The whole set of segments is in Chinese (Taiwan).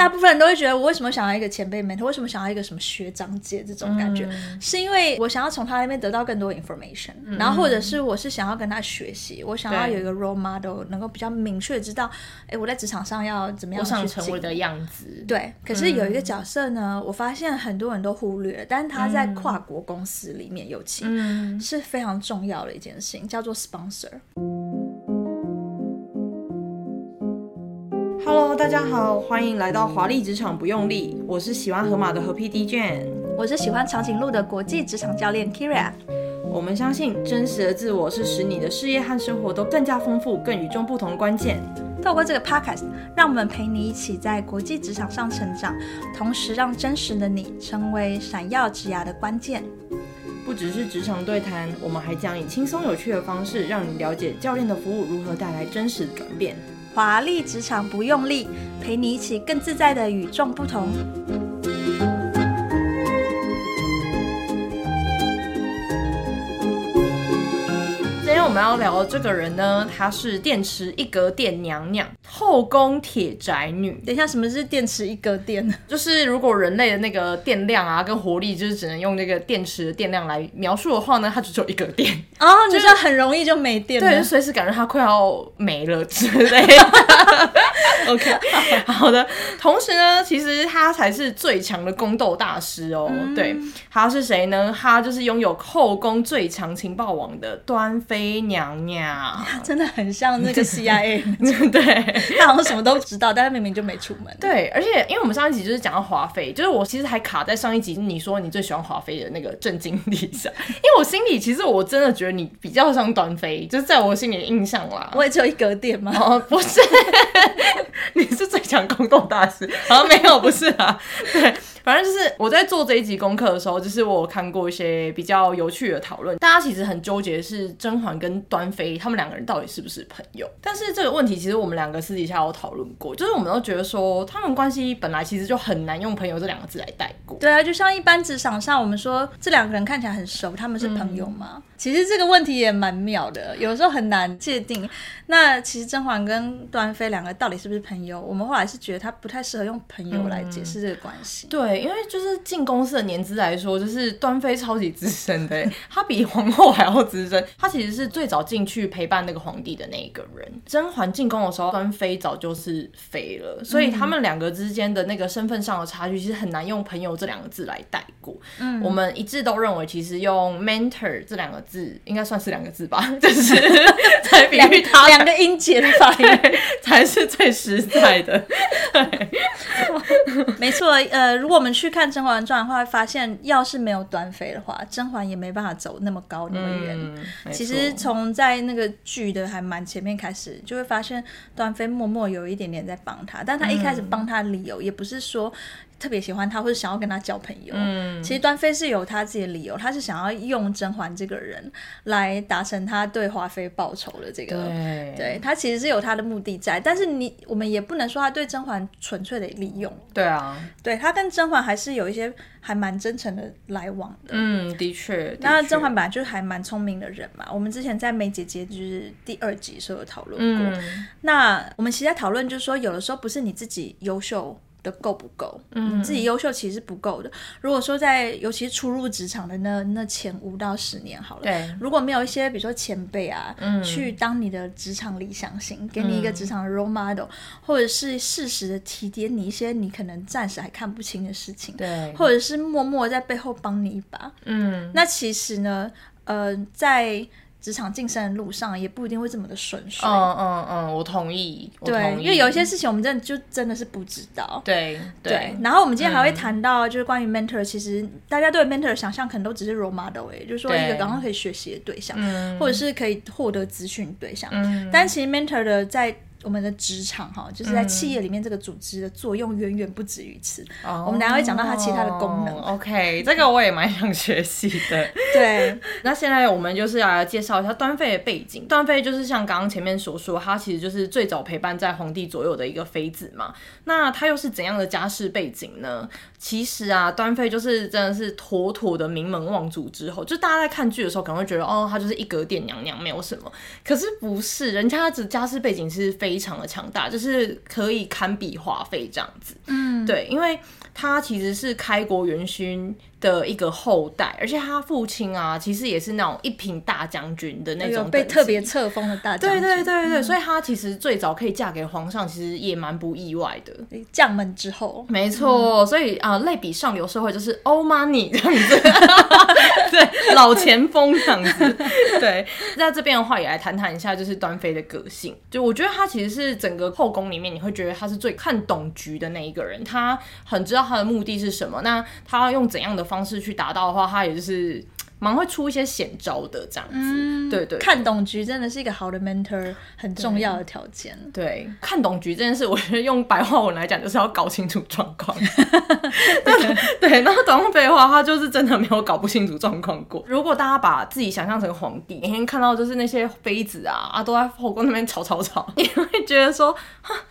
大部分人都會覺得，我為什麼想要一個前輩們他 n 為什麼想要一個什麼學長姐這種感覺？嗯、是因為我想要從他那邊得到更多 information，嗯、然後或者是我是想要跟他學習，嗯、我想要有一個 role model，對能夠比較明確知道，哎，我在職場上要怎麼樣去我成為的樣子。對，嗯、可是有一個角色呢，我發現很多人都忽略了，但他在跨國公司裡面、嗯、尤其是非常重要的一件事情，叫做 sponsor。Hello，大家好，歡迎來到華麗職場不用力。我是喜歡河馬的河 PD Jane，我是喜歡長頸鹿的國際職場教練 Kyria。我們相信真實的自我是使你的事業和生活都更加豐富、更與眾不同關鍵。透過這個 Podcast，讓我們陪你一起在國際職場上成長，同時讓真實的你成為閃耀職涯的關鍵。不只是職場對談，我們還將以輕鬆有趣的方式，讓你了解教練的服務如何帶來真實的轉變。華麗職場不用力，陪你一起更自在的與眾不同。我們要聊的這個人呢，她是電池一格電娘娘，後宮鐵宅女。等一下，什麼是電池一格電呢？就是如果人類的那個電量啊，跟活力，就是只能用這個電池的電量來描述的話呢，他就只有一格電哦，就是很容易就沒電，對，隨時感覺他快要沒了之類。OK，好的。同時呢，其實她才是最強的宮鬥大師哦。嗯、對，她是誰呢？她就是擁有後宮最強情報網的端妃。娘娘、啊、真的很像那個 CIA， 對，他好像什麼都知道， 但他明明就沒出門。對，而且因為我們上一集就是講到華妃，就是我其實還卡在上一集你說你最喜歡華妃的那個震驚底下，因為我心裡其實我真的覺得你比較像端妃，就是在我心裡的印象啦。我也只有一格電嘛。不是， 你是最強宮鬥大師。好像沒有，不是啊。 對反正，就是我在做這一集功課的時候，就是我有看過一些比較有趣的討論，大家其實很糾結的是甄嬛跟端妃他們兩個人到底是不是朋友？但是這個問題其實我們兩個私底下有討論過，就是我們都覺得說，他們關係本來其實就很難用朋友這兩個字來帶過。對啊，就像一般職場上，我們說這兩個人看起來很熟，他們是朋友嗎？嗯其實這個問題也蠻妙的，有的時候很難界定。那其實甄嬛跟端妃兩個到底是不是朋友？我們後來是覺得她不太適合用朋友來解釋這個關係。嗯。對，因為就是進公司的年資來說，就是端妃超級資深的，她 比皇後還要資深。她其實是最早進去陪伴那個皇帝的那一個人。甄嬛進宮的時候，端妃早就是妃了，所以他們兩個之間的那個身份上的差距，其實很難用朋友這兩個字來帶過。嗯，我們一致都認為，其實用 mentor 這兩個字。字應該算是兩個字吧，就是才 比喻他 兩個音節才 才是最實在的。 沒錯，呃，如果我們去看《甄嬛傳》的話，會發現要是沒有端妃的話，甄嬛也沒辦法走那麼高那麼遠。嗯、其實從在那個劇的還蠻前面開始，就會發現端妃默默有一點點在幫他，但他一開始幫他的理由、嗯、也不是說。特別喜歡他或者想要跟他交朋友，嗯，其實端妃是有他自己的理由，他是想要用甄嬛這個人來達成他對華妃報仇的這個，對，對，他其實是有他的目的在，但是你我們也不能說他對甄嬛純粹的利用，嗯、對啊，對他跟甄嬛還是有一些還蠻真誠的來往的，嗯，的確，的確。那甄嬛本來就是還蠻聰明的人嘛，我們之前在梅姐姐就是第二集時候有討論過，嗯、那我們其實在討論就是說，有的時候不是你自己優秀。的夠不夠？嗯，自己優秀其實不夠的。嗯、如果說在，尤其是初入職場的那那前五到十年好了，對，如果沒有一些比如說前輩啊，嗯，去當你的職場理想型，給你一個職場的 role model，嗯，或者是適時的提點你一些你可能暫時還看不清的事情，對，或者是默默在背後幫你一把，嗯，那其實呢，呃，在。職場晉升的路上，也不一定會這麼的順遂。嗯嗯嗯，我同意。對，因為有一些事情，我們真的就真的是不知道。對對，對。然後我們今天還會談到，就是關於 mentor，、嗯、其實大家對 mentor 的想象可能都只是 role model，哎、欸，對就是說一個剛剛可以學習的對象，嗯、或者是可以獲得資訊對象。嗯、但其實 mentor 的在。我們的職場哈，就是在企業裡面這個組織的作用遠遠不止於此。嗯、我們等下會講到它其他的功能。Oh, OK，這個我也蠻想學習的。 對，那現在我們就是要來介紹一下端妃的背景。端妃就是像剛剛前面所說，她其實就是最早陪伴在皇帝左右的一個妃子嘛。那她又是怎樣的家世背景呢？其實啊，端妃就是真的是妥妥的名門望族之後。就大家在看劇的時候，可能會覺得哦，她就是一格殿娘娘,娘娘，沒有什麼。可是不是，人家的家家世背景是非。非常的強大，就是可以堪比華妃這樣子。嗯，對，因為他其實是開國元勳的一個後代，而且他父親啊，其實也是那種一品大將軍的那種被特別冊封的大將軍，對對對對，嗯、所以他其實最早可以嫁給皇上，其實也蠻不意外的。將門之後，沒錯，所以啊、呃，類比上流社會就是 old money 這樣子， 對，老錢風這樣子， 對。那這邊的話，也來談談一下，就是端妃的個性。就我覺得她其實是整個後宮裡面，你會覺得她是最看懂局的那一個人，她很知道她的目的是什麼，那她要用怎樣的。方式去達到的話，他也就是蠻會出一些險招的這樣子，嗯、對，對對，看懂局真的是一個好的 mentor 很重要的條件。對。對，看懂局這件事，我覺得用白話文來講，就是要搞清楚狀況。對，那 然後懂白話，他就是真的沒有搞不清楚狀況過。 如果大家把自己想象成皇帝，每天看到就是那些妃子啊啊都在後宮那邊吵吵吵， 你會覺得說，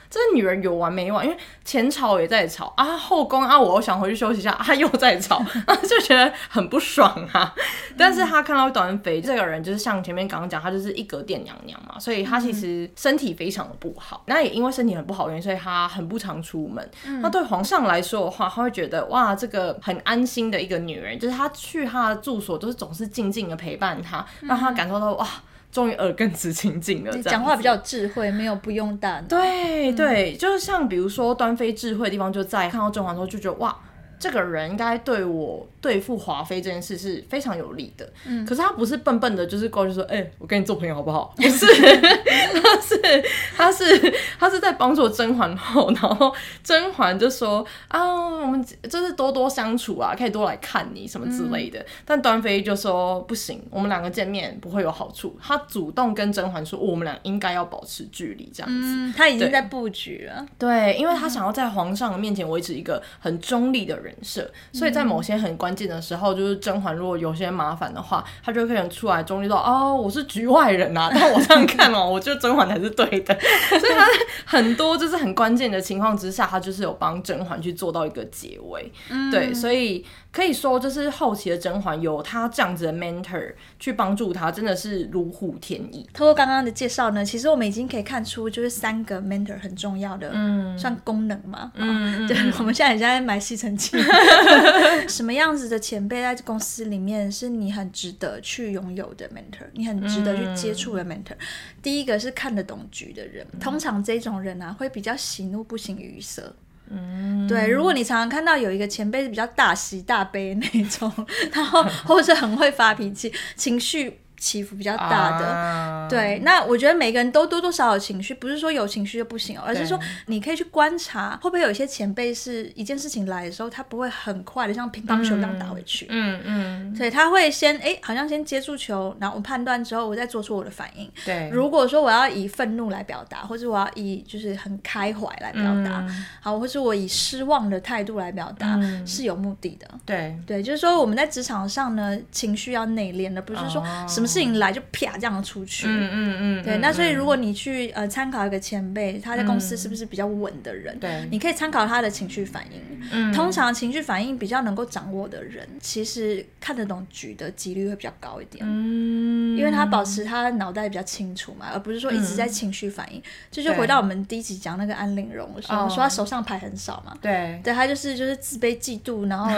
這女人有完沒完？因為前朝也在吵啊，後宮啊，我又想回去休息一下，她、啊、又在吵、啊，就覺得很不爽啊。嗯、但是她看到端妃這個人，就是像前面剛剛講，她就是一格殿娘娘嘛，所以她其實身體非常的不好。嗯、那也因為身體很不好原因，所以她很不常出門。那、嗯、對皇上來說的話，他會覺得哇，這個很安心的一個女人，就是她去她的住所都是總是靜靜的陪伴她，讓她感受到、嗯、哇。終於耳根子清淨了，這樣子，講話比較智慧，沒有不用打。對對，嗯、就是像比如說端妃智慧的地方就在看到甄嬛的時候，就覺得哇。這個人應該對我對付華妃這件事是非常有利的。嗯，可是他不是笨笨的，就是過去說：“哎、欸，我跟你做朋友好不好？”也是，嗯、他是，他是，他是在幫助我甄嬛後，然後甄嬛就說：“啊，我們就是多多相處啊，可以多來看你什麼之類的。嗯”但端妃就說：“不行，我們兩個見面不會有好處。”他主動跟甄嬛說、哦：“我們倆應該要保持距離。”這樣子，嗯、他已經在布局了對。對，因為他想要在皇上面前維持一個很中立的人。人設，所以在某些很關鍵的時候，就是甄嬛，如果有些麻煩的話，她就可以出來中立到，哦，我是局外人啊，但我這樣看哦， 我覺得甄嬛才是對的， 所以他很多就是很關鍵的情況之下，他就是有幫甄嬛去做到一個結尾，嗯、對，所以可以說就是後期的甄嬛有她這樣子的 mentor 去幫助她，真的是如虎添翼。透過剛剛的介紹呢，其實我們已經可以看出，就是三個 mentor 很重要的，嗯，算功能嘛，嗯，好嗯我們現在已經在買吸塵器。 什麼樣子的前輩在公司裡面是你很值得去擁有的 mentor，你很值得去接觸的 mentor？嗯、第一個是看得懂局的人，嗯、通常這種人啊會比較喜怒不形於色。嗯，對，如果你常常看到有一個前輩是比較大喜大悲那種，然後或者很會發脾氣，情緒起伏比較大的，啊、對，那我覺得每個人都多多少少情緒，不是說有情緒就不行，而是說你可以去觀察，會不會有一些前輩是一件事情來的時候，他不會很快的像乒乓球一樣打回去，嗯嗯，嗯嗯，所以他會先哎、欸，好像先接住球，然後我判斷之後，我再做出我的反應。對，如果說我要以憤怒來表達，或是我要以就是很開懷來表達，嗯、好，或是我以失望的態度來表達，嗯、是有目的的。對對，就是說我們在職場上呢，情緒要內斂，的，不是，是說什麼。適應來就啪這樣出去，嗯嗯嗯，對，那所以如果你去呃參考一個前輩，他在公司是不是比較穩的人？對，你可以參考他的情緒反應。通常情緒反應比較能夠掌握的人，其實看得懂局的幾率會比較高一點。嗯，因為他保持他腦袋比較清楚嘛，而不是說一直在情緒反應。這就回到我們第一集講那個安陵容，的時候，說他手上牌很少嘛，對，對他就是就是自卑、嫉妒，然後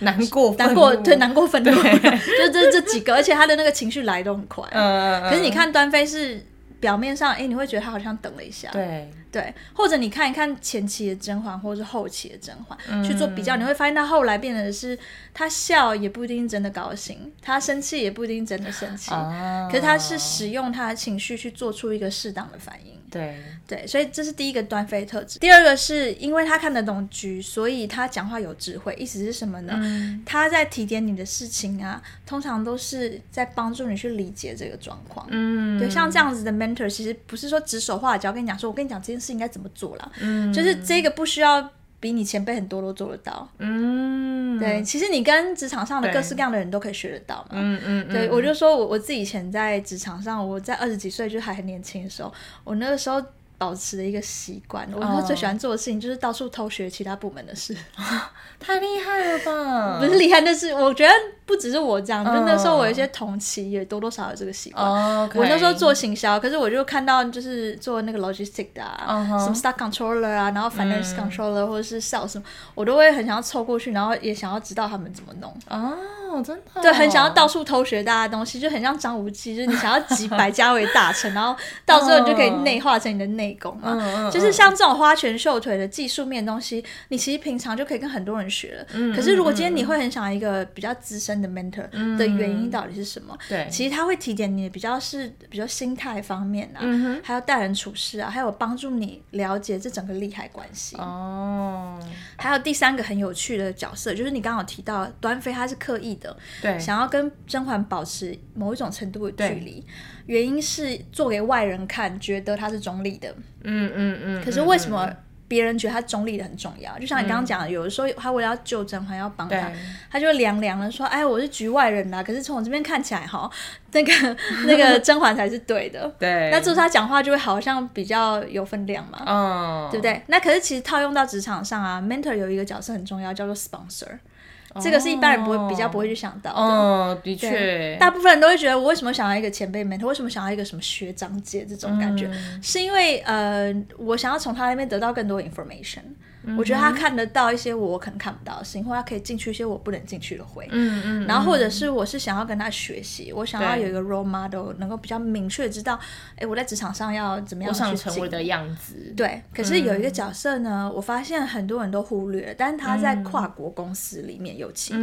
難過、難過，對，難過、憤怒，就這這幾個，而且他的那個情緒。來都很快，嗯、可是你看端妃是表面上，哎、欸，你會覺得她好像等了一下，對對，或者你看一看前期的甄嬛，或者是後期的甄嬛去做比較，嗯、你會發現她後來變得是，她笑也不一定真的高興，她生氣也不一定真的生氣，哦、可是她是使用她的情緒去做出一個適當的反應。對對，所以這是第一個端妃特質。第二個是因為他看得懂局，所以他講話有智慧。意思是什麼呢？嗯，他在提點你的事情啊，通常都是在幫助你去理解這個狀況。嗯，對，像這樣子的 mentor，其實不是說指手畫腳跟你講，說我跟你講這件事應該怎麼做了，嗯，就是這個不需要。比你前輩很多都做得到，嗯，對，其實你跟職場上的各式各樣的人都可以學得到嘛，嗯嗯，嗯嗯，對我就說我，我我自己以前在職場上，我在二十幾歲就還很年輕的時候，我那個時候，保持的一個習慣。我那時候最喜歡做的事情就是到處偷學其他部門的事，哦、太厲害了吧？不是厲害，但是我覺得不只是我這樣，哦、就那時候我有一些同期也多多少少有這個習慣。哦 okay、我那時候做行銷，可是我就看到就是做那個 logistic 的啊，哦、什麼 stock controller 啊，然後 finance controller、嗯、或者是 sales 什麼，我都會很想要湊過去，然後也想要知道他們怎麼弄啊。哦哦真的哦、對，很想要到處偷學大家的東西，就很像張無忌，就是你想要集百家為大成， 然後到時候你就可以內化成你的內功嘛。 嗯嗯嗯嗯，就是像這種花拳繡腿的技術面東西，你其實平常就可以跟很多人學了。嗯嗯嗯嗯，可是如果今天你會很想一個比較資深的 mentor 的原因到底是什麼？對、嗯嗯，其實他會提點你，比較是比較心態方面啊，嗯嗯還有待人處事啊，還有幫助你了解這整個利害關係。哦。還有第三個很有趣的角色，就是你剛好提到端妃，她是刻意的。對，想要跟甄嬛保持某一種程度的距離，對原因是做給外人看，覺得他是中立的。嗯嗯嗯。嗯嗯可是為什麼別人覺得他中立的很重要？就像你剛剛講的，嗯、有的時候他為了要救甄嬛要幫他，對他就涼涼了，說：“哎，我是局外人啦、啊。”可是從我這邊看起來，哈，那個那個甄嬛才是對的。 對。那就是他講話就會好像比較有分量嘛。哦、對不對？那可是其實套用到職場上啊，mentor 有一個角色很重要，叫做 sponsor。這個是一般人不會、哦、比較不會去想到的、哦。的確，大部分人都會覺得，我為什麼想要一個前輩們？他為什麼想要一個什麼學長姐這種感覺？嗯、是因為呃，我想要從他那邊得到更多 information。 我覺得他看得到一些我可能看不到的事情，或者他可以進去一些我不能進去的會、嗯。嗯，然後或者是我是想要跟他學習，我想要有一個 role model，對能夠比較明確知道，哎，我在職場上要怎麼樣去。我想成為的樣子。對，可是有一個角色呢，嗯、我發現很多人都忽略，但他在跨國公司裡面尤其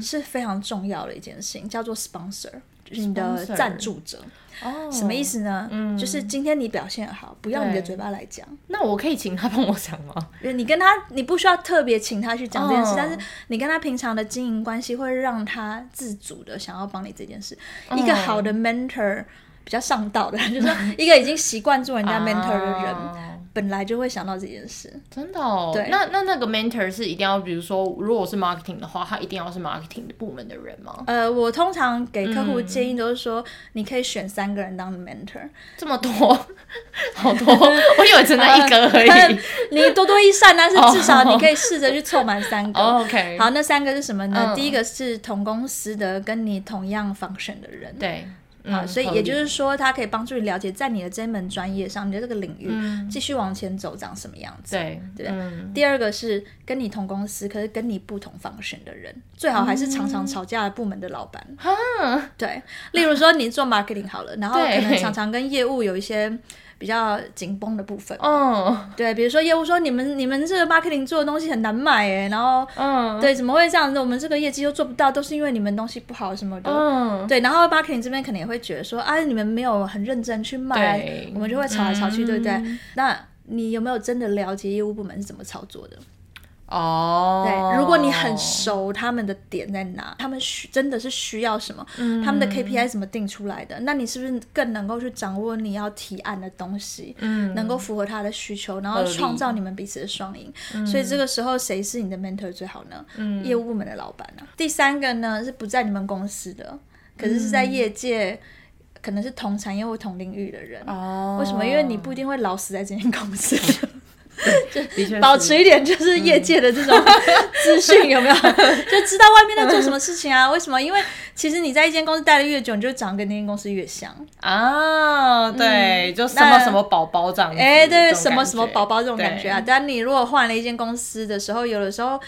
是非常重要的一件事情，嗯、叫做 sponsor。你的贊助者，哦、什麼意思呢？嗯、就是今天你表現好，不要你的嘴巴來講。那我可以請他幫我講嗎？你跟他，你不需要特別請他去講這件事，哦、但是你跟他平常的經營關係，會讓他自主的想要幫你這件事。哦、一個好的 mentor，、嗯、比較上道的，就是說一個已經習慣做人家 mentor 的人。哦本來就會想到這件事，真的哦。哦對。那那那個 mentor 是一定要，比如說，如果是 marketing 的話，他一定要是 marketing 的部門的人嗎？呃，我通常給客戶建議都是說，你可以選三個人當 mentor，、嗯、這麼多，好多， 我以為只拿一個而已。 你多多益善，但是至少你可以試着去湊滿三個。Oh, OK，好，那三個是什麼呢？Oh. 第一個是同公司的，跟你同樣 function 的人。對。嗯、啊，所以也就是說，他可以幫助你了解，在你的這一門專業上，嗯、你的這個領域繼續往前走長什麼樣子。對，對吧、嗯、第二個是跟你同公司，可是跟你不同 function 的人，最好還是常常吵架的部門的老闆。嗯、對。 例如說，你做 marketing 好了，然後可能常常跟業務有一些。比較緊繃的部分，嗯，oh. 對，比如說業務說你們你們這個 marketing 做的東西很難買誒，然後，嗯，oh. 對，怎麼會這樣子？我們這個業績又做不到，都是因為你們東西不好什麼的，嗯，oh. 對，然後 marketing 這邊可能也會覺得說啊，你們沒有很認真去賣，對我們就會吵來吵去，嗯、對不對？那你有沒有真的了解業務部門是怎麼操作的？哦，oh, 對，如果你很熟、oh. 他們的點在哪，他們需真的是需要什麼，mm. 他們的 KPI 怎麼定出來的？那你是不是更能夠去掌握你要提案的東西，mm. 能夠符合他的需求，然後創造你們彼此的雙贏？Oh. 所以這個時候誰是你的 mentor 最好呢？嗯，mm. 業務部門的老闆呢？Mm. 第三個呢是不在你們公司的，可是是在業界，mm. 可能是同產業或同領域的人哦。Oh. 為什麼？因為你不一定會老死在這間公司。 對保持一點就是業界的這種資訊、嗯、 有沒有？就知道外面在做什麼事情啊？為什麼？因為其實你在一間公司待得越久，你就長得跟那間公司越像啊、哦。對，嗯、就什麼什麼寶寶長，哎，對，什麼什麼寶寶這種感覺啊。對但你如果換了一間公司的時候，有的時候。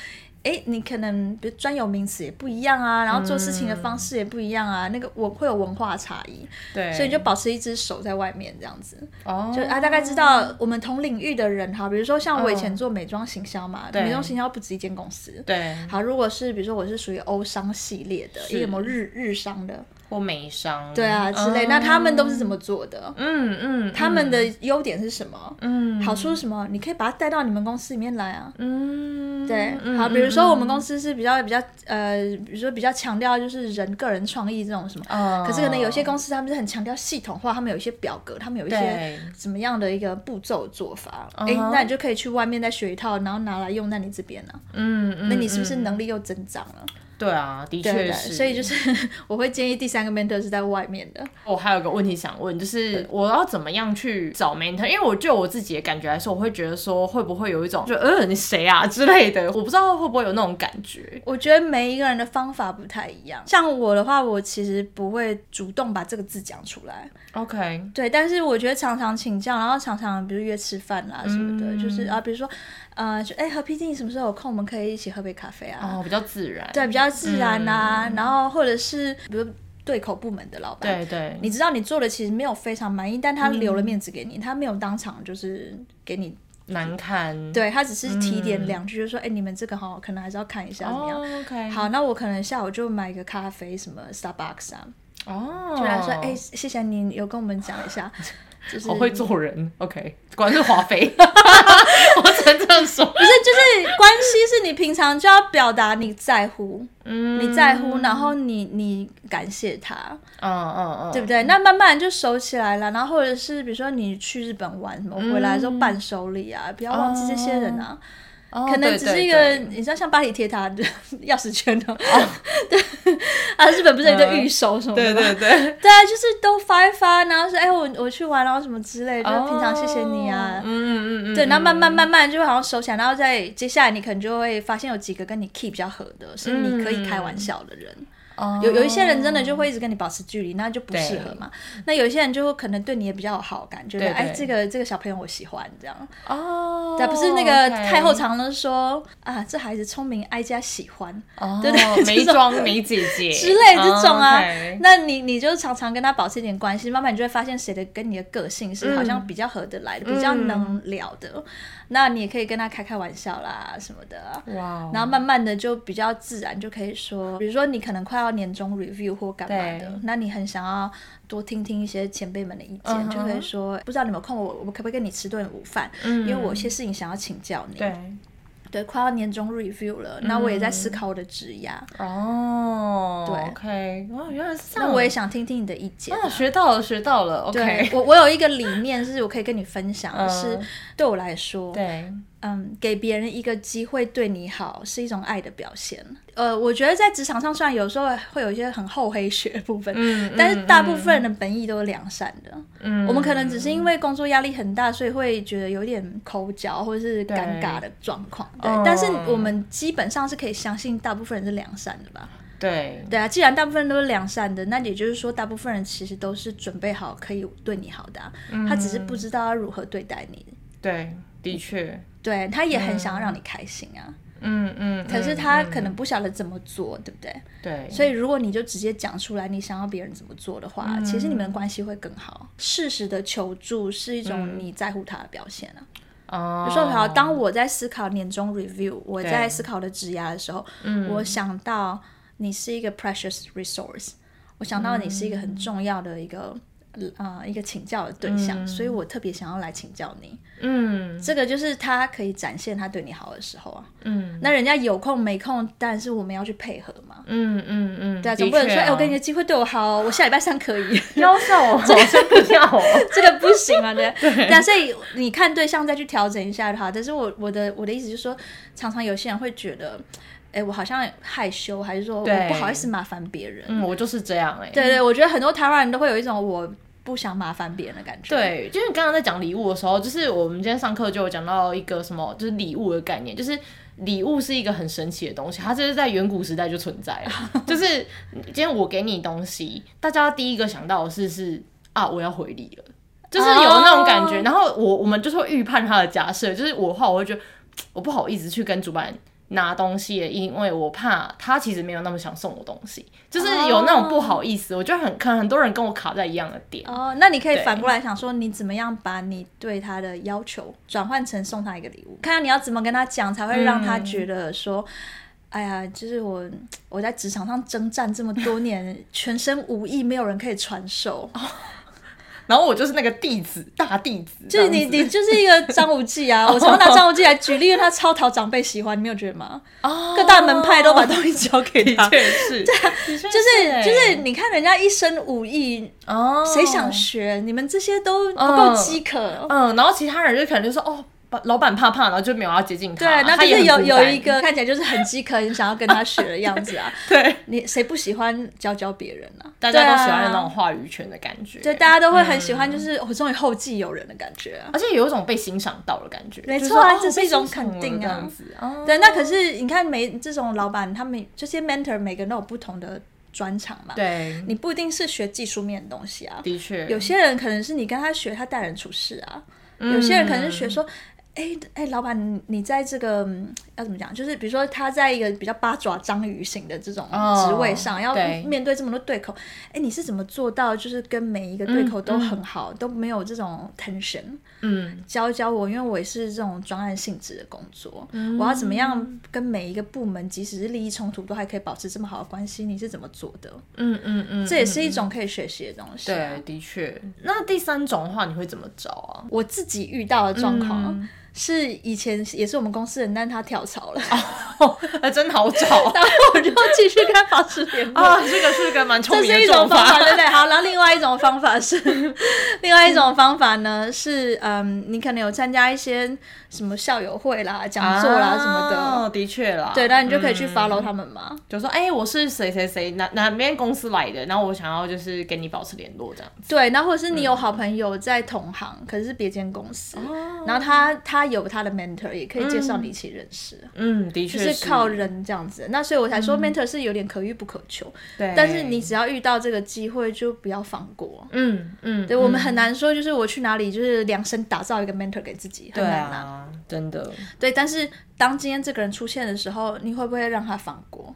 哎，你可能比如專有名詞也不一樣啊，然後做事情的方式也不一樣啊，嗯、那個我會有文化差異，對，所以就保持一隻手在外面這樣子，oh. 就啊大概知道我們同領域的人哈，比如說像我以前做美妝行銷嘛，oh. 美妝行銷不止一間公司，對，好，如果是比如說我是屬於歐商系列的，是也有沒有日日商的，或美商，對啊之類，那他們都是怎麼做的？嗯嗯，他們的優點是什麼？好處是什麼？你可以把它帶到你們公司裡面來啊。嗯，對，好，比如說我們公司是比較比較呃，比如說比較強調就是人個人創意這種什麼，可是可能有些公司他們是很強調系統化，他們有一些表格，他們有一些怎麼樣的一個步驟做法。欸，那你就可以去外面再學一套，然後拿來用在你這邊呢。嗯嗯，那你是不是能力又增長了？對啊，的確是對對，所以就是 我會建議第三個 mentor 是在外面的。我、哦、還有一個問題想問，就是我要怎麼樣去找 mentor？因為我就我自己的感覺來說，我會覺得說會不會有一種就呃你誰啊之類的，我不知道會不會有那種感覺。我覺得每一個人的方法不太一樣，像我的話，我其實不會主動把這個字講出來。OK，對，但是我覺得常常請教，然後常常比如約吃飯啦什麼的，嗯、就是啊，比如說呃就哎河 PD，你、欸、什麼時候有空，我們可以一起喝杯咖啡啊。哦，比較自然，對，比較。自然啊，嗯、然後或者是比如對口部門的老闆，對對，你知道你做的其實沒有非常滿意，但他留了面子給你，嗯、他沒有當場就是給你難看，對，他只是提點兩句就是，就說哎，你們這個好，可能還是要看一下怎麼樣。哦 okay，好，那我可能下午就買一個咖啡，什麼 Starbucks 啊，哦，就來說哎，欸，謝謝你有跟我們講一下。 就是、好會做人，OK，果然是華妃， 我只能這樣說。不是，就是關係是你平常就要表達你在乎，嗯、你在乎，然後你你感謝他，嗯嗯嗯，嗯對不對？嗯、那慢慢就熟起來了，然後或者是比如說你去日本玩什麼，嗯、回來的時候，伴手禮啊，不要忘記這些人啊。嗯嗯 Oh, 可能只是一個，對對對你知道，像巴黎鐵塔鑰 匙圈的，對、oh. 啊，日本不是有一個御守什麼的，oh. 對對對，對啊，就是都發一發，然後說，哎，我我去玩，然後什麼之類的，就、oh. 平常謝謝你啊，嗯嗯嗯，hmm. 對，然後慢慢慢慢就會好像熟起來，mm hmm. 然後再接下來你可能就會發現有幾個跟你 key 比較合的，是你可以開玩笑的人。Mm hmm. 有有一些人真的就會一直跟你保持距離，那就不適合嘛。那有一些人就可能對你也比較有好感，覺得哎，這個這個小朋友我喜歡這樣。哦，那不是那個太后常常說啊，這孩子聰明，哀家喜歡，對對，眉莊，眉姐姐之類這種啊。那你你就常常跟他保持一點關係，慢慢你就會發現誰的跟你的個性是好像比較合得來的，比較能聊的。那你也可以跟他開開玩笑啦什麼的。哇，然後慢慢的就比較自然，就可以說，比如說你可能快要。年終 review 或幹嘛的，那你很想要多聽聽一些前輩們的意見，就可以說不知道你有沒有空，我我可不可以跟你吃頓午飯？因為我有些事情想要請教你。對，對，快要年終 review 了，那我也在思考我的職涯哦，對，OK，那我也想聽聽你的意見。學到了，學到了。OK，我我有一個理念，是我可以跟你分享，是對我來說，對。嗯，給別人一個機會對你好是一種愛的表現。呃，我覺得在職場上，雖然有時候會有一些很厚黑學的部分，嗯嗯，但是大部分人的本意都是良善的。嗯，我們可能只是因為工作壓力很大，所以會覺得有點口角或者是尷尬的狀況。對，嗯，對，但是我們基本上是可以相信大部分人是良善的吧？對，對啊，既然大部分人都是良善的，那也就是說，大部分人其實都是準備好可以對你好的啊，嗯，他只是不知道要如何對待你。對，的確。對，他也很想要讓你開心啊，嗯嗯，可是他可能不曉得怎麼做，嗯、對不對？對，所以如果你就直接講出來，你想要別人怎麼做的話，嗯、其實你們的關係會更好。適時的求助是一種你在乎他的表現啊。哦、嗯，比如說我好，當我在思考年終 review，我在思考的職涯的時候，嗯，我想到你是一個 precious resource，我想到你是一個很重要的一個。啊、呃，一個請教的對象，嗯、所以我特別想要來請教你。嗯，這個就是他可以展現他對你好的時候啊。嗯，那人家有空沒空，當然是我們要去配合嘛。嗯嗯嗯，嗯嗯對啊，總不能說，哎、哦欸，我給你個機會對我好，我下禮拜三可以。要上我，總 是不要，跳哦、 這個不行 對啊，對。那所以你看對象再去調整一下哈。但是我我的我的意思就是說，常常有些人會覺得。哎、欸，我好像害羞，還是說對我不好意思麻煩別人？嗯，我就是這樣、欸。哎，對，對對，我覺得很多台灣人都會有一種我不想麻煩別人的感覺。對，就是剛剛在講禮物的時候，就是我們今天上課就有講到一個什麼，就是禮物的概念，就是禮物是一個很神奇的東西，它就是在遠古時代就存在 就是今天我給你東西，大家第一個想到的是是啊，我要回禮了，就是有那種感覺。Oh. 然後我我們就是會預判他的假設，就是我的話，我會覺得我不好意思去跟主辦。拿東西，因為我怕他其實沒有那麼想送我東西，就是有那種不好意思。哦、我覺得很，很多人跟我卡在一樣的點。哦，那你可以反過來想說，你怎麼樣把你對他的要求轉換成送他一個禮物？看對看你要怎麼跟他講，才會讓他覺得說，嗯、哎呀，就是我我在職場上征戰這麼多年， 全身武藝沒有人可以傳授。哦然後我就是那個弟子，大弟子、子，就是你，你就是一個張無忌啊！ 我常、常拿張無忌來舉例，因為他超討長輩喜歡，你沒有覺得嗎？啊、哦，各大門派都把東西交給他，對，就是就是，是欸，就是你看人家一身武藝，哦，誰想學？你們這些都不夠飢渴，嗯、嗯，然後其他人就可能就說哦。老闆怕怕，然後就沒有要接近他。對，那可是有有一個看起來就是很飢渴，很想要跟他學的樣子啊。對，你誰不喜歡教教別人啊？大家都喜歡那種話語權的感覺。對，大家都會很喜歡，就是我終於後繼有人的感覺，而且有一種被欣賞到的感覺。沒錯，這是一種肯定的樣子。對，那可是你看，每這種老闆他們這些 mentor 每個人都有不同的專長嘛。對，你不一定是學技術面的東西啊。的確，有些人可能是你跟他學他待人處事啊，有些人可能是學說。哎哎、欸欸，老闆，你在這個、嗯、要怎麼講？就是比如說，他在一個比較八爪章魚型的這種職位上，oh, 對要面對這麼多對口，哎、欸，你是怎麼做到，就是跟每一個對口都很好，嗯嗯、都沒有這種 tension？嗯，教教我，因為我也是這種專案性質的工作，嗯、我要怎麼樣跟每一個部門，即使是利益衝突，都還可以保持這麼好的關係？你是怎麼做的？嗯嗯嗯，嗯嗯，這也是一種可以學習的東西。對，的確。那第三種的話，你會怎麼找啊？我自己遇到的狀況。嗯是以前也是我們公司的人，但他跳槽了，啊，還真好找。然後我就繼續跟他保持聯絡，這個是個蠻聰明的方法，對不對？好，然後另外一種方法是，另外一種方法呢是，嗯，你可能有參加一些什麼校友會啦、講座啦什麼的，的確啦，對，那你就可以去 follow 他們嘛，就說，哎，我是誰誰誰哪哪邊公司來的，然後我想要就是跟你保持聯絡這樣子。對，那或者是你有好朋友在同行，可是別間公司，然後他他。有他的 mentor 也可以介紹你一起認識，嗯，的確是，靠人這樣子。嗯、那所以我才說 mentor 是有點可遇不可求，嗯、但是你只要遇到這個機會，就不要放過。嗯嗯，嗯對，我們很難說，就是我去哪裡，就是量身打造一個 mentor 給自己，啊、很難拿，真的。對，但是當今天這個人出現的時候，你會不會讓他放過？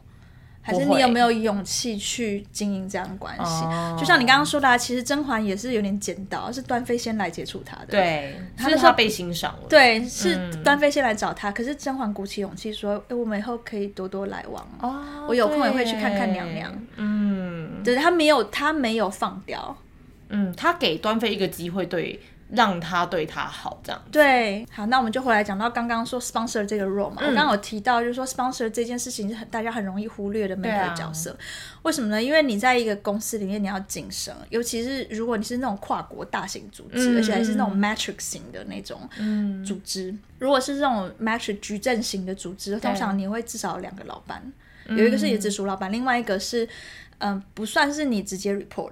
還是你有沒有勇氣去經營這樣的關係？會就像你剛剛說的、啊，其實甄嬛也是有點撿到，是端妃先來接觸她的，對，所以說是她被欣賞了。對，是端妃先來找她，嗯、可是甄嬛鼓起勇氣說：“誒、欸，我們以後可以多多來往哦，我有空也會去看看娘娘。對”嗯，對她沒有，她沒有放掉，嗯，她給端妃一個機會，對。讓他對他好，這樣對。好，那我們就回來講到剛剛說 sponsor 這個 role 嘛。剛剛、嗯、有提到，就是說 sponsor 這件事情是很大家很容易忽略的每一個角色。啊、為什麼呢？因為你在一個公司裡面，你要晉升，尤其是如果你是那種跨國大型組織，嗯、而且還是那種 matrix 型的那種組織。嗯、如果是這種 matrix 矩陣型的組織，對通常你會至少有兩個老板，嗯、有一個是直屬老板，另外一個是嗯、呃，不算是你直接 report。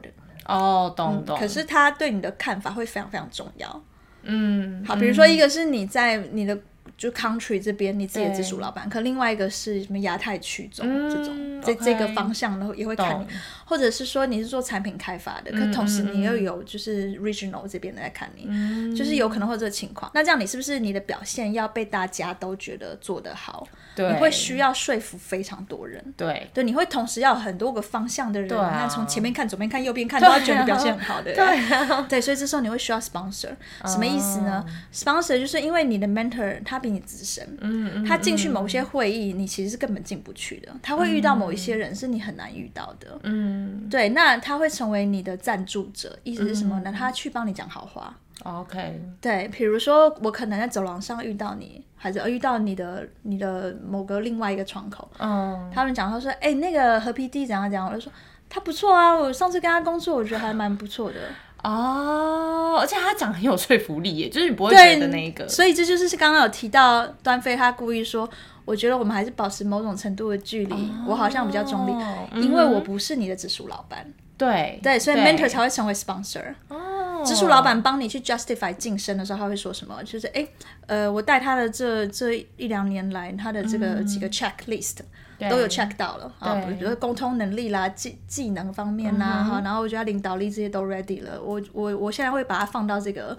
哦，懂懂、oh, 嗯。可是他對你的看法會非常非常重要。嗯，好，比如說一個是你在你的就 country 這邊，嗯、你自己的直屬老板；對可另外一個是什麼亞太區總這，這種，這這個方向呢也會看你。或者是說你是做產品開發的，可同時你又有就是 regional 這邊在看你，嗯、就是有可能會有這個情況。那這樣你是不是你的表現要被大家都覺得做得好？對，你會需要說服非常多人。對對，你會同時要很多個方向的人，你看從前面看、左邊看、右邊看，都要覺得你表現很好的人對、啊。對、啊對，啊、對，所以這時候你會需要 sponsor，什麼意思呢？哦、sponsor 就是因為你的 mentor 他比你資深，嗯嗯嗯、他進去某些會議你其實是根本進不去的，他會遇到某一些人是你很難遇到的，嗯嗯 對，那他會成為你的贊助者，意思是什麼呢？嗯、他去幫你講好話。OK。對，比如說我可能在走廊上遇到你，還是遇到你的你的某個另外一個窗口，嗯，他們講他說，哎、欸，那個河 PD 怎樣怎樣，我就說他不錯啊，我上次跟他工作，我覺得還蠻不錯的。 哦，oh, 而且他講很有說服力耶，就是你不會覺得那一個，所以這就是剛剛有提到端妃，他故意說，我覺得我們還是保持某種程度的距離，oh, 我好像比較中立，嗯、哼因為我不是你的直屬老板，對對，所以 mentor 對才會成為 sponsor，哦，直屬、oh. 老板幫你去 justify 晉升的時候，他會說什麼？就是哎、欸，呃，我帶他的這這一兩年來，他的這個幾個 checklist、嗯。都有 check 到了 okay, 啊，比如溝通能力啦、技技能方面啦、啊，哈、uh，huh. 然後我覺得領導力這些都 ready 了，我我我現在會把它放到這個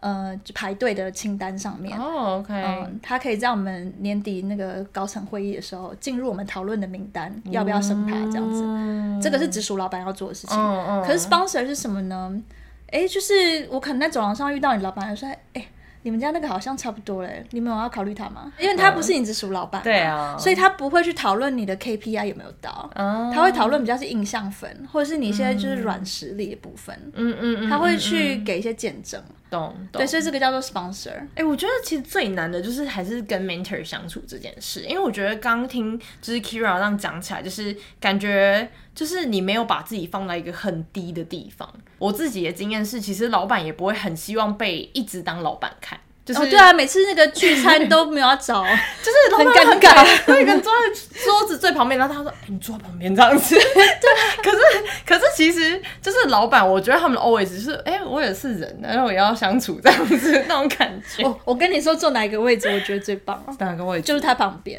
呃排隊的清單上面。哦、oh，OK，嗯，他可以在我們年底那個高層會議的時候進入我們討論的名單，uh huh. 要不要升他這樣子？Uh huh. 這個是直屬老板要做的事情。Uh huh. 可是 sponsor 是什麼呢？哎、欸，就是我可能在走廊上遇到你老板，他說，哎、欸。你們家那個好像差不多嘞，你們有要考慮他嗎？因為他不是你直屬老闆，對啊、哦，所以他不會去討論你的 KPI 有沒有到，哦、他會討論比較是印象分，或者是你現在就是軟實力的部分，嗯、他會去給一些見證。嗯嗯嗯嗯嗯懂，懂，懂。對，所以這個叫做 sponsor。哎、欸，我覺得其實最難的就是還是跟 mentor 相處這件事，因為我覺得剛聽就是 Kyria 那樣講起來，就是感覺就是你沒有把自己放在一個很低的地方。我自己的經驗是，其實老闆也不會很希望被一直當老闆看。就是、哦，對啊，每次那個聚餐都沒有要找， 就是很尷尬。他一個坐在桌子最旁邊， 然後他說：“哦、你坐旁邊這樣子。 對啊”對，可是可是其實就是老闆，我覺得他們 always、就是哎、欸，我也是人，然後我也要相處這樣子那種感覺。我，我跟你說，坐哪一個位置我覺得最棒啊？哪個位置？就是他旁邊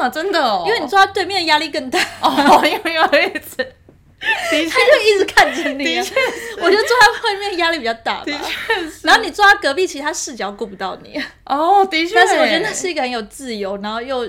啊，真的哦，因為你坐他對面壓力更大哦，因為要一直。 他就一直看着你，啊。我覺得坐在後面壓力比較大。的確是，然後你坐在隔壁，其實他視角顧不到你。哦，的確、欸、是。但是我覺得那是一個很有自由，然後又。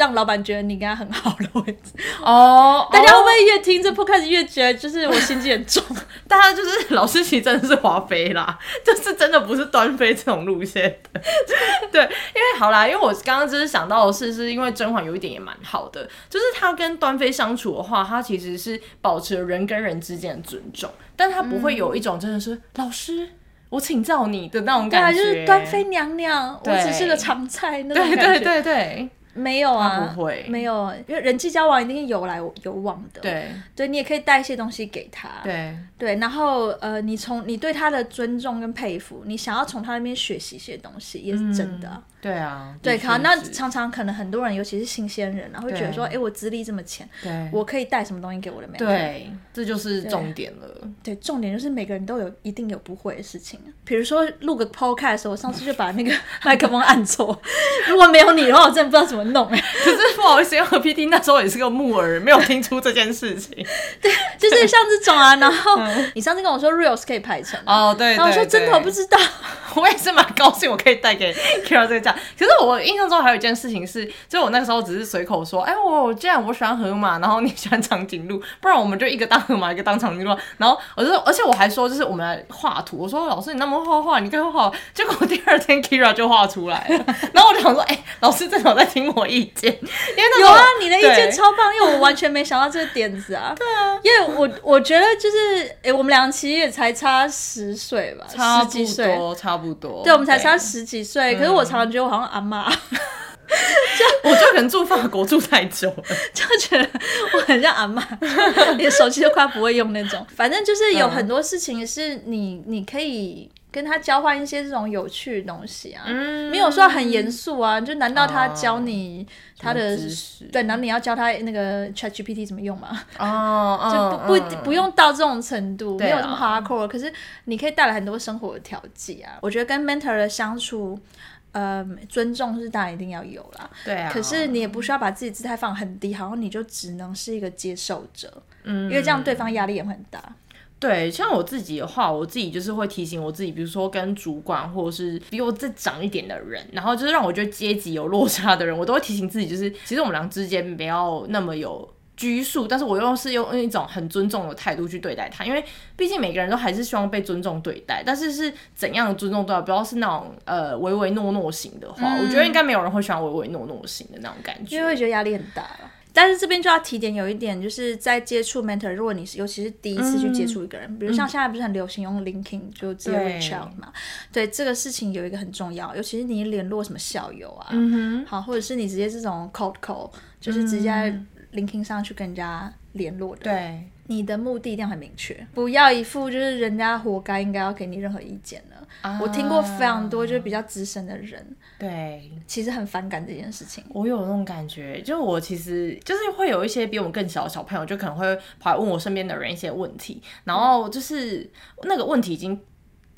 讓老闆覺得你跟他很好的位置哦，oh, 大家會不會越聽這 podcast 越覺得就是我心機很重？大家 就是老師，其實真的是華妃啦，但、就是真的不是端妃這種路線 對，因為好啦，因為我剛剛就是想到的是，是因為甄嬛有一點也蠻好的，就是她跟端妃相處的話，她其實是保持人跟人之間的尊重，但她不會有一種真的是、嗯、老師，我請教你的那種感覺，對啊、就是端妃娘娘，對我只是個常在那種感覺。對對,對對對。沒有啊，沒有，因為人際交往一定是有來有往的。對，對，你也可以帶一些東西給他。對，對，然後呃，你從你對他的尊重跟佩服，你想要從他那邊學習一些東西，也是真的啊。嗯對啊，對，可能那常常可能很多人，尤其是新鮮人，然後會覺得說，哎，我資歷這麼淺，對，我可以帶什麼東西給我的妹妹？對，這就是重點了。對，重點就是每個人都有一定有不會的事情，比如說錄個 podcast 時候，我上次就把那個麥克風按錯，如果沒有你的話，我真的不知道怎麼弄哎。可是不好意思，因為 PD 那時候也是個木耳，沒有聽出這件事情。對，就是像這種啊，然後你上次跟我說 reels 可以排程，哦，對，然後我說真的我不知道，我也是蠻高興，我可以帶給 Kyria 這個。可是我印象中還有一件事情是，就是我那個時候只是隨口說，哎、欸，我既然我喜歡河馬，然後你喜歡長頸鹿，不然我們就一個當河馬，一個當長頸鹿。然後，我就而且我還說，就是我們來畫圖。我說老師，你那麼會畫畫，你給畫畫。結果我第二天 Kyria 就畫出來了。 然後我就想說，哎、欸，老師正好在聽我意見，因為那有啊，你的意見超棒，對因為我完全沒想到這個點子啊。對啊，因為我我覺得就是，哎、欸，我們兩其實也才差十歲吧，十幾歲，差不多。差不多對，我們才差十幾歲，對可是我常，常覺得我好像阿媽、啊， 就我就可能住法國住太久了， 就覺得我很像阿媽，連手機都快不會用那種。反正就是有很多事情是你、嗯、你可以跟他交換一些這種有趣的東西啊，嗯、沒有說很嚴肅啊。就難道他教你他的知識、哦、對，難道你要教他那個 ChatGPT 怎麼用嗎、啊？哦、嗯、 就不不、不用到這種程度，嗯、沒有那麼 hardcore、嗯。可是你可以帶來很多生活的調劑啊。啊我覺得跟 mentor 的相處。呃、嗯，尊重是大家一定要有啦。對啊。可是你也不需要把自己姿態放很低，好像你就只能是一個接受者。嗯。因為這樣對方壓力也會很大。對，像我自己的話，我自己就是會提醒我自己，比如說跟主管或者是比我再長一點的人，然後就是讓我覺得階級有落差的人，嗯、我都會提醒自己，就是其實我們倆之間不要那麼有拘束，但是我又是用一種很尊重的態度去對待他，因為畢竟每個人都還是希望被尊重對待。但是是怎樣的尊重都要不要是那種呃，唯唯諾諾型的話，嗯、我覺得應該沒有人會喜歡唯唯諾諾型的那種感覺，因為會覺得壓力很大。但是這邊就要提點有一點，就是在接觸 mentor，如果你是尤其是第一次去接觸一個人，嗯、比如像現在不是很流行、嗯、用 linking 就直接 reach out 嘛？對，對這個事情有一個很重要，尤其是你聯絡什麼校友啊，嗯、哼好，或者是你直接這種 cold call，, call、嗯、就是直接。聆聽上去跟人家聯絡的，對，你的目的一定要很明確，不要一副就是人家活該應該要給你任何意見了。啊，我聽過非常多，就是比較資深的人，對，其實很反感這件事情。我有那種感覺，就我其實就是會有一些比我們更小的小朋友，就可能會跑來問我身邊的人一些問題，然後就是那個問題已經。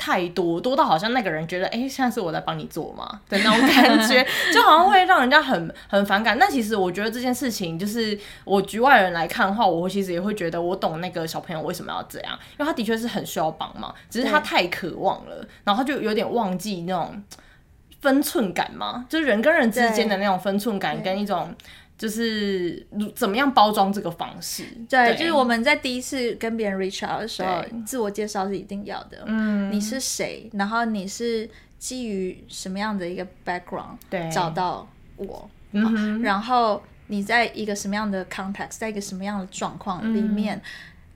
太多，多到好像那個人覺得，誒、欸，現在是我在幫你做嘛，的那種感覺， 就好像會讓人家很很反感。那其實我覺得這件事情，就是我局外人來看的話，我其實也會覺得，我懂那個小朋友為什麼要這樣，因為他的確是很需要幫忙，只是他太渴望了，對然後他就有點忘記那種分寸感嘛，就是人跟人之間的那種分寸感跟一種。就是怎麼樣包裝這個方式？對，對就是我們在第一次跟別人 reach out 的時候，對自我介紹是一定要的。嗯，你是誰？然後你是基於什麼樣的一個 background？對，找到我。嗯哼啊。然後你在一個什麼樣的 context，在一個什麼樣的狀況裡面？嗯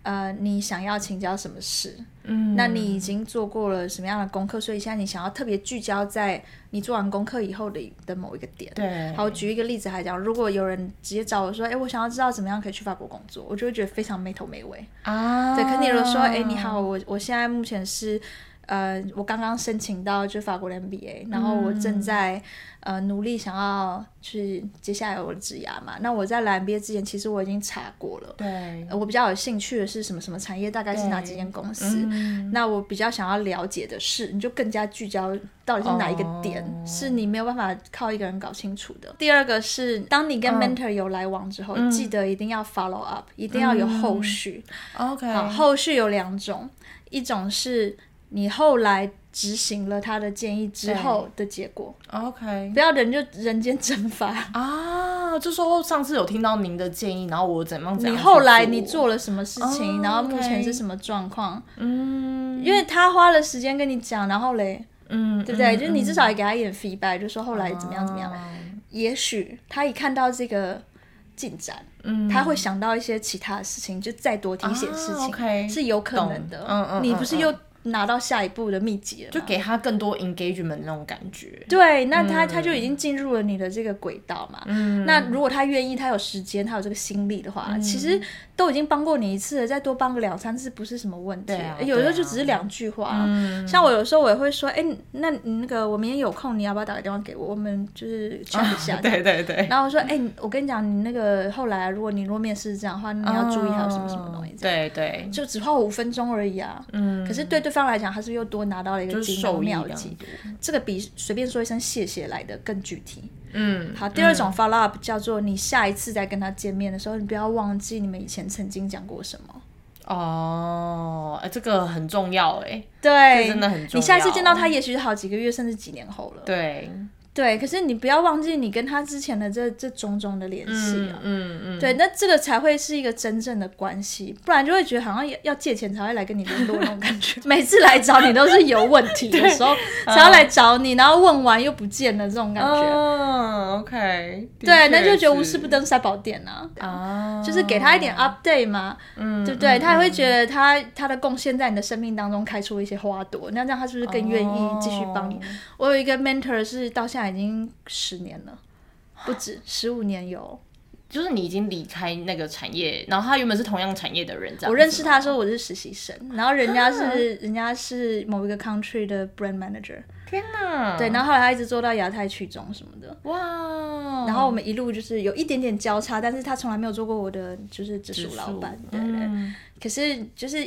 呃，你想要請教什麼事？嗯，那你已經做過了什麼樣的功課？所以現在你想要特別聚焦在你做完功課以後的的某一個點。對，好，我舉一個例子來講，如果有人直接找我說：“哎、欸，我想要知道怎麼樣可以去法國工作”，我就會覺得非常沒頭沒尾啊。對，可你如果說：“哎、欸，你好，我我現在目前是”。呃，我剛剛申請到就法國的 MBA，然後我正在、mm hmm. 呃努力想要去接下來我的職涯嘛。那我在來 MBA 之前，其實我已經查過了。對、呃，我比較有興趣的是什麼什麼產業，大概是哪幾間公司？Mm hmm. 那我比較想要了解的是，你就更加聚焦到底是哪一個點、oh. 是你沒有辦法靠一個人搞清楚的。Oh. 第二個是，當你跟 mentor、oh. 有來往之後，mm hmm. 記得一定要 follow up，一定要有後續。Mm hmm. OK，好，後續有兩種，一種是。你後來執行了他的建議之後的結果，OK？不要人就人間蒸發啊！就說上次有聽到您的建議，然後我怎麼怎麼樣。你後來你做了什麼事情？然後目前是什麼狀況？嗯，因為他花了時間跟你講，然後嘞，嗯，對不對？就是你至少也給他一點 feedback，就說後來怎麼樣怎麼樣。也許他一看到這個進展，嗯，他會想到一些其他事情，就再多提一些事情，OK？是有可能的。嗯嗯，你不是又。拿到下一步的秘籍了，就給他更多 engagement 那種感覺。對，那他、嗯、他就已經進入了你的這個軌道嘛。嗯、那如果他願意，他有時間，他有這個心力的話，嗯、其實。都已經幫過你一次了，再多幫個兩三次不是什麼問題。啊欸、有時候就只是兩句話、啊。啊、像我有時候我也會說，哎、欸，那你那個我明天有空，你要不要打個電話給我？我們就是勸一下、啊。對對對。然後我說，哎、欸，我跟你講，你那個後來如果你若面試這樣的話，你要注意還有什麼什麼東西、嗯。對對、對。就只花我五分鐘而已啊。嗯、可是對對方來講，他是，不是又多拿到了一個錦囊妙計。這、這個比隨便說一聲謝謝來的更具體。嗯，好，第二種 follow up，嗯、叫做你下一次再跟他見面的時候，你不要忘記你們以前曾經講過什麼。哦，這個很重要哎！對，真的很重要。你下一次見到他，也許好幾個月甚至幾年後了。對。對，可是你不要忘記，你跟他之前的這這種種的聯繫啊，嗯嗯，對，那這個才會是一個真正的關係，不然就會覺得好像要借錢才會來跟你聯絡那種感覺，每次來找你都是有問題的時候才要來找你，然後問完又不見了這種感覺。嗯，OK。對，那就覺得無事不登三寶殿啊，啊，就是給他一點 update 嘛，嗯，對不對？他也會覺得他他的貢獻在你的生命當中開出一些花朵，那這樣他是不是更願意繼續幫你？我有一個 mentor 是到現在，已經十年了，不止十五年有，就是你已經離開那個產業，然後他原本是同樣產業的人，這樣，我認識他的時候我是實習生，然後人家是呵人家是某一個 country 的 brand manager。天哪！對，然後後來他一直做到亞太區總什麼的。哇！然後我們一路就是有一點點交叉，但是他從來沒有做過我的就是直屬老板，樹對，對，對。嗯、可是就是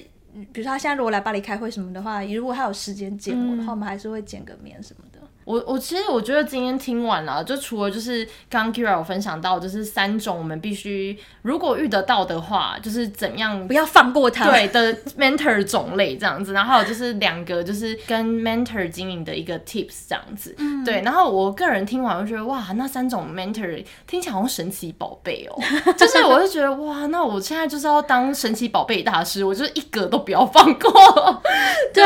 比如說他現在如果來巴黎開會什麼的話，如果他有時間見我的話，嗯、我們還是會見個面什麼的。我我其實我覺得今天聽完了、啊，就除了就是剛 Kira 有分享到，就是三種我們必須如果遇得到的話，就是怎樣不要放過他。對的，mentor 種類這樣子，然後還有就是兩個就是跟 mentor 經營的一個 tips 這樣子。嗯、對，然後我個人聽完，我就覺得哇，那三種 mentor 聽起來好像神奇寶貝哦，就是我就覺得 哇，那我現在就是要當神奇寶貝大師，我就是一個都不要放過。 對，啊對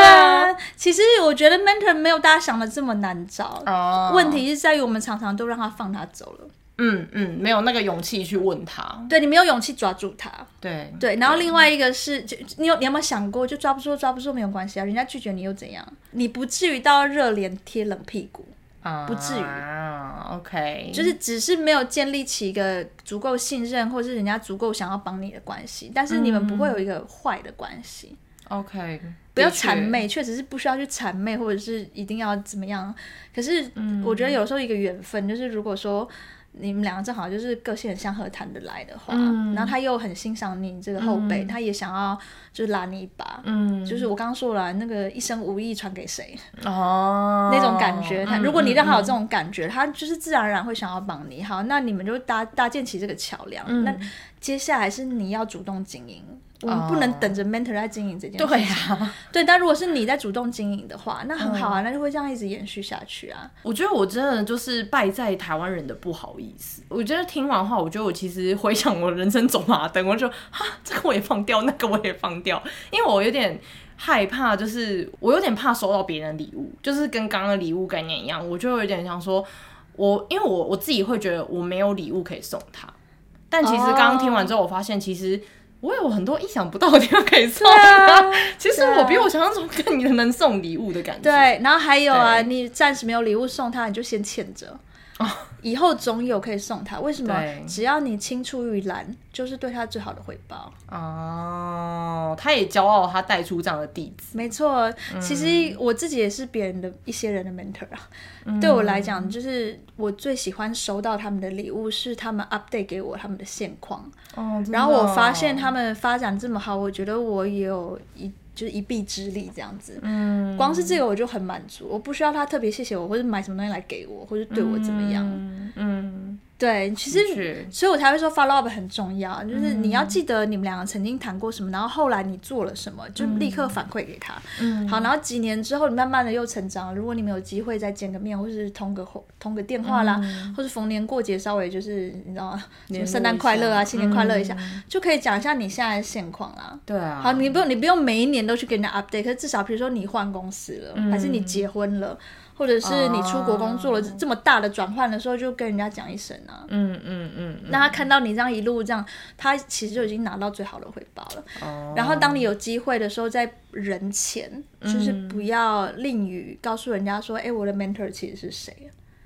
啊，其實我覺得 mentor 沒有大家想的這麼難。哦，問題是在於我們常常都讓他放他走了。嗯嗯，沒有那個勇氣去問他。對，你沒有勇氣抓住他。對對，然後另外一個是，就你有，你有沒有想過，就抓不住，抓不住沒有關係啊，人家拒絕你又怎樣？你不至於到熱臉貼冷屁股啊，不至於。OK，就是只是沒有建立起一個足夠信任，或是人家足夠想要幫你的關係，但是你們不會有一個壞的關係。嗯。OK。不要諂媚，確實是不需要去諂媚，或者是一定要怎麼樣。可是我覺得有時候一個緣分，嗯、就是如果說你們兩個正好就是個性很相合、談得來的話，嗯、然後他又很欣賞你這個後輩，嗯、他也想要就是拉你一把。嗯，就是我剛剛說了、啊、那個一生無意傳給誰哦，那種感覺他。他如果你讓他有這種感覺，嗯、他就是自然而然會想要幫你。好，那你們就搭搭建起這個橋樑。嗯、那接下來是你要主動經營。我們不能等着 mentor 來經營這件事情，uh, 對呀、啊，對，但如果是你在主動經營的話，那很好啊，uh, 那就會這樣一直延續下去啊。我覺得我真的就是敗在台灣人的不好意思。我覺得聽完的話，我覺得我其實回想我人生走馬燈，我就哈、啊，這個我也放掉，那個我也放掉，因為我有點害怕，就是我有點怕收到別人禮物，就是跟剛剛的禮物概念一樣，我就有點想說，我因為我我自己會覺得我沒有禮物可以送他，但其實剛剛聽完之後，我發現其實。Oh. 我有很多意想不到的地方可以送的、啊， 其實我比我想象中更能送禮物的感覺對。 對，然後還有啊，對你暫時沒有禮物送他，你就先欠着。 以後總有可以送他，為什麼？對只要你青出於藍，就是對他最好的回報。哦，oh, 他也驕傲，他帶出這樣的弟子。沒錯錯，嗯、其實我自己也是別人的一些人的 mentor 啊。嗯、對我來講，就是我最喜歡收到他們的禮物，是他們 update 給我他們的現況。Oh, 哦、然後我發現他們發展這麼好，我覺得我也有一就是一臂之力這樣子，光是這個我就很滿足，嗯，我不需要他特別謝謝我，或者買什麼東西來給我，或者對我怎麼樣，嗯。嗯對，其實，實，所以我才會說 follow up 很重要，就是你要記得你們兩個曾經談過什麼，嗯、然後後來你做了什麼，就立刻反饋給他。嗯。好，然後幾年之後你慢慢的又成長，如果你們有機會再見個面，或是通個通個電話啦，嗯、或是逢年過節稍微就是你知道嗎？就聖誕快樂啊，年新年快樂一下，嗯、就可以講一下你現在的現況啦。對啊、嗯。好，你不用你不用每一年都去給人家 update，可是至少比如說你換公司了，嗯、還是你結婚了。或者是你出國工作了這麼大的轉換的時候，就跟人家講一聲啊。嗯嗯嗯。嗯嗯，那他看到你這樣一路這樣，他其實就已經拿到最好的回報了。嗯、然後當你有機會的時候，在人前就是不要吝於告訴人家說，哎、嗯欸，我的 mentor 其實是誰。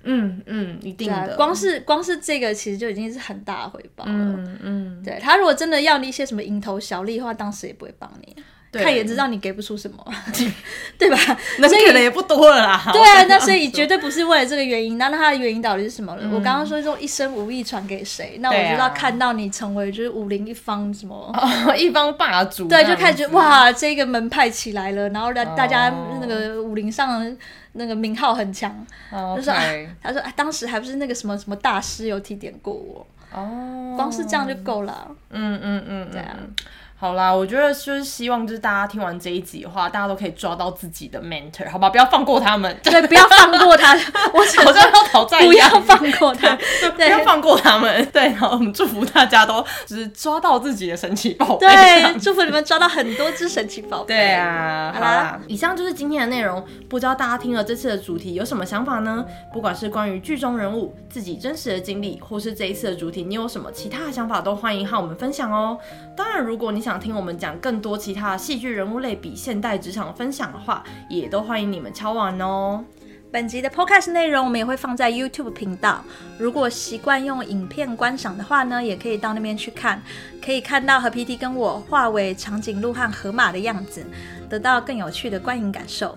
嗯嗯，一定的。對啊、光是光是這個，其實就已經是很大的回報了。嗯。嗯對他如果真的要你一些什麼蠅頭小利的話，當時也不會幫你。看也知道你給不出什麼，對吧？這給人也不多了啦。對啊，那所以絕對不是為了這個原因。那他的原因到底是什麼呢？我剛剛說這一生武藝傳給誰，那我就知道，看到你成為就是武林一方什麼一方霸主。對，就開始覺得哇，這個門派起來了，然後呢，大家那個武林上那個名號很強。就是他說，當時還不是那個什麼什麼大師有提點過我。哦，光是這樣就夠了。嗯嗯嗯，對啊。好啦，我覺得就是希望就是大家聽完這一集的話，大家都可以抓到自己的 mentor 好吧？不要放過他們，對， 不要放過他，我好像要討債一下，不要放過他，不要放過他們，對，然後我們祝福大家都就是抓到自己的神奇寶貝，對，祝福你們抓到很多只神奇寶貝，對啊。好啦，好啦，以上就是今天的內容，不知道大家聽了這次的主題有什麼想法呢？不管是關於劇中人物、自己真實的經歷，或是這一次的主題，你有什麼其他的想法都歡迎和我們分享哦、喔。當然，如果你想。想聽我們講更多其他戲劇人物類比現代職場分享的話，也都歡迎你們敲碗哦。本集的 Podcast 內容我們也會放在 YouTube 頻道，如果習慣用影片觀賞的話呢，也可以到那邊去看，可以看到河 PD 跟我化為長頸鹿和河馬的樣子，得到更有趣的觀影感受。